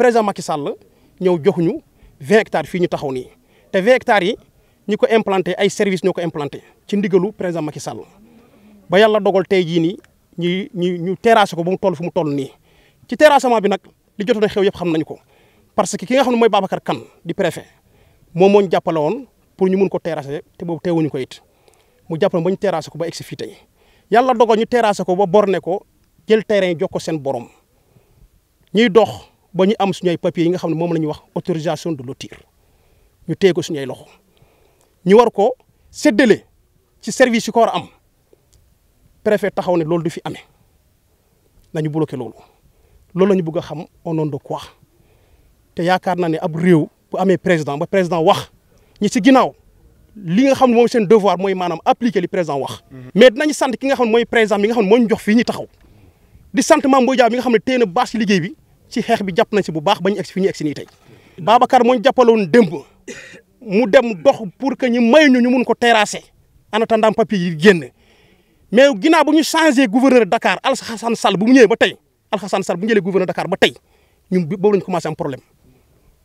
président Macky Sall ñëw joxuñu vingt hectares fii ñu taxaw nii te vingt hectares yi ñu ko implanté ay services ñoo ko implanté ci ndigalu président Macky Sall ba yàlla dogal tey jii nii ñuy ñu ñu terrassé ko ba mu toll fu mu toll nii ci terrassement bi nag li jotoon na xew yëpp xam nañ ko parce que ki nga xam ne mooy Babacar kan di préfet moom moo ñu jàppale woon pour ñu mun ko terrassé te boobu teewuñu ko it mu jàppale ba ñu terrassé ko ba egsi fii tey yàlla dogal ñu terrassé ko ba borné ko jël terrain jox ko seen borom ñuy dox. boo ñu am suñu ay papiers nga xam ne moom la ñuy wax autorisation de lotir ñu téye ko suñu loxo ñu war ko séddale ci service yu ko war a am préfet taxaw ne loolu du fi amee na bloqué loolu loolu la ñu bëgg a xam au nom de quoi te yaakaar naa ni ab réew bu amee président ba président wax ñi ci ginnaaw li nga xam ne moom seen devoir mooy maanaam appliquer li président wax. Mhm. mais dinañ sant ki nga xam ne mooy président bi nga xam ne moo ñu jox fii ñu taxaw di sant liggéey bi. ci xeex bi jàpp nañ si bu baax ba ñu egsi fi ñu egsi nii tey. Babacar moo ñu jàppaloon démb mu dem dox pour que ñi may ñu ñu mun ko terrasser en attendant papier yi génn mais ginnaaw bu ñu changé gouverneur Dakar Alhassane Sall bu mu ñëwee ba tey Alhassane Sall bu ñu jëlee gouverneur Dakar ba tey ñun boobu lañ commencé am problème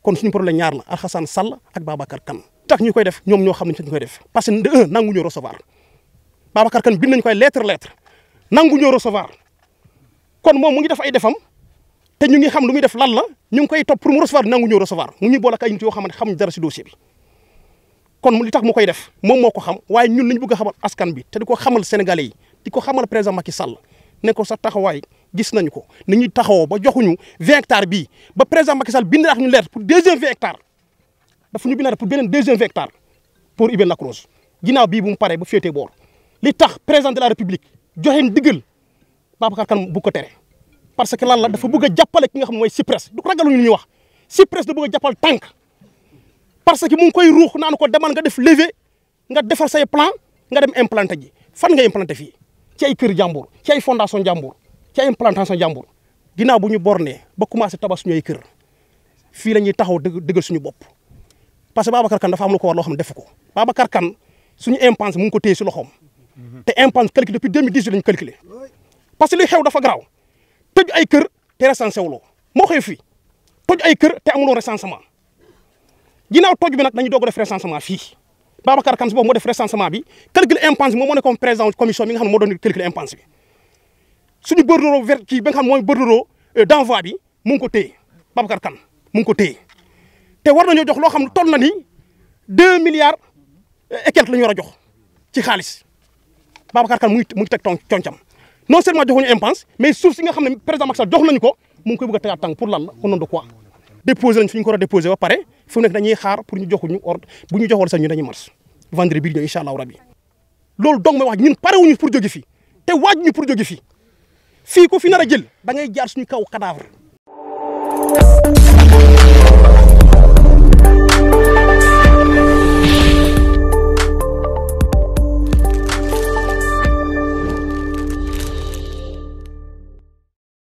kon suñu problème ñaar la Alhassane Sall ak Babacar kan tax ñu koy def ñoom ñoo xam ne ñu koy def parce que de un nanguñoo recevoir Babacar nañ koy lettre lettre nanguñoo recevoir kon moom mu ngi def ay defam. te ñu ngi xam lu muy def lan la ñu ngi koy topp pour mu recevoir nangu ñoo recevoir mu ñuy boole ak ay nit yoo xam ne xamuñ dara si dossier kon li tax mu koy def moom moo ko xam waaye ñun lañu bëgg a xamal askan bi te di ko xamal sénégalais yi di ko xamal président Macky Sall ne ko sa taxawaay gis nañu ko ni ñuy taxawoo ba joxuñu 20 hectares bii ba président Macky Sall bind ñu leer pour deuxième 20 hectares dafa ñu bind pour beneen deuxième 20 pour Ibel Lac Rose ginnaaw bii bu mu paree ba féetee boor li tax président la république joxe ndigal Babacar Kane bu ko tere. parce que lan la dafa bëgg a jàppale ki nga xam mooy Sipres du ragaluñu ñuy wax Sipres da bëgg a jàppal tànk parce que mu ngi koy ruux naan ko demal nga def lever nga defal say plan nga dem implanté ji fan nga implanté fii ci ay kër jàmbur ci ay fondation jàmbur ci ay implantation jàmbur ginnaaw bu ñu bornee ba commencé tabax suñu ay kër fii la ñuy taxaw dëgg dëggal suñu bopp parce que Babacar Kane dafa am lu ko war loo xam ne def ko Babacar Kane suñu impense mu ngi ko téye si loxoom te impense calculé depuis 2018 la ñu calculé parce que li xew dafa garaaw toj ay kër te recensé wuloo moo xëy fii toj ay kër te amuloo recensement ginnaaw toj bi nag dañ doog def recensement fii Babacar Kane si boobu moo de recensement bi calcul impense bi moom moo nekkoon président commission bi nga xam ne moo doon calcul impense bi suñu bordereau vert ci ba nga xam ne mooy bordereau euh, bi mu ngi ko téye Babacar Kane mu ngi ko téye te war nañoo jox loo xam ne toll na ni deux milliards euh, et la ñu war a jox ci xaalis Babacar Kane mu ngi mu ngi teg toon concam non seulement joxuñu impense mais suuf si nga xam ne président Macky Sall jox nañu ko mu ngi koy bëgg a tegaat tànk pour lan la au nom de quoi déposé ñu ko war a déposé ba pare fu mu nekk dañuy xaar pour ñu joxuñu ordre bu ñu joxoon sax ñu dañuy mars vendredi bii ñëw incha allahu rabi loolu donc mooy wax ñun parewuñu pour jóge fii te waajuñu pour jóge fii fii ko fi nar a jël da ngay jaar ñu kaw cadavre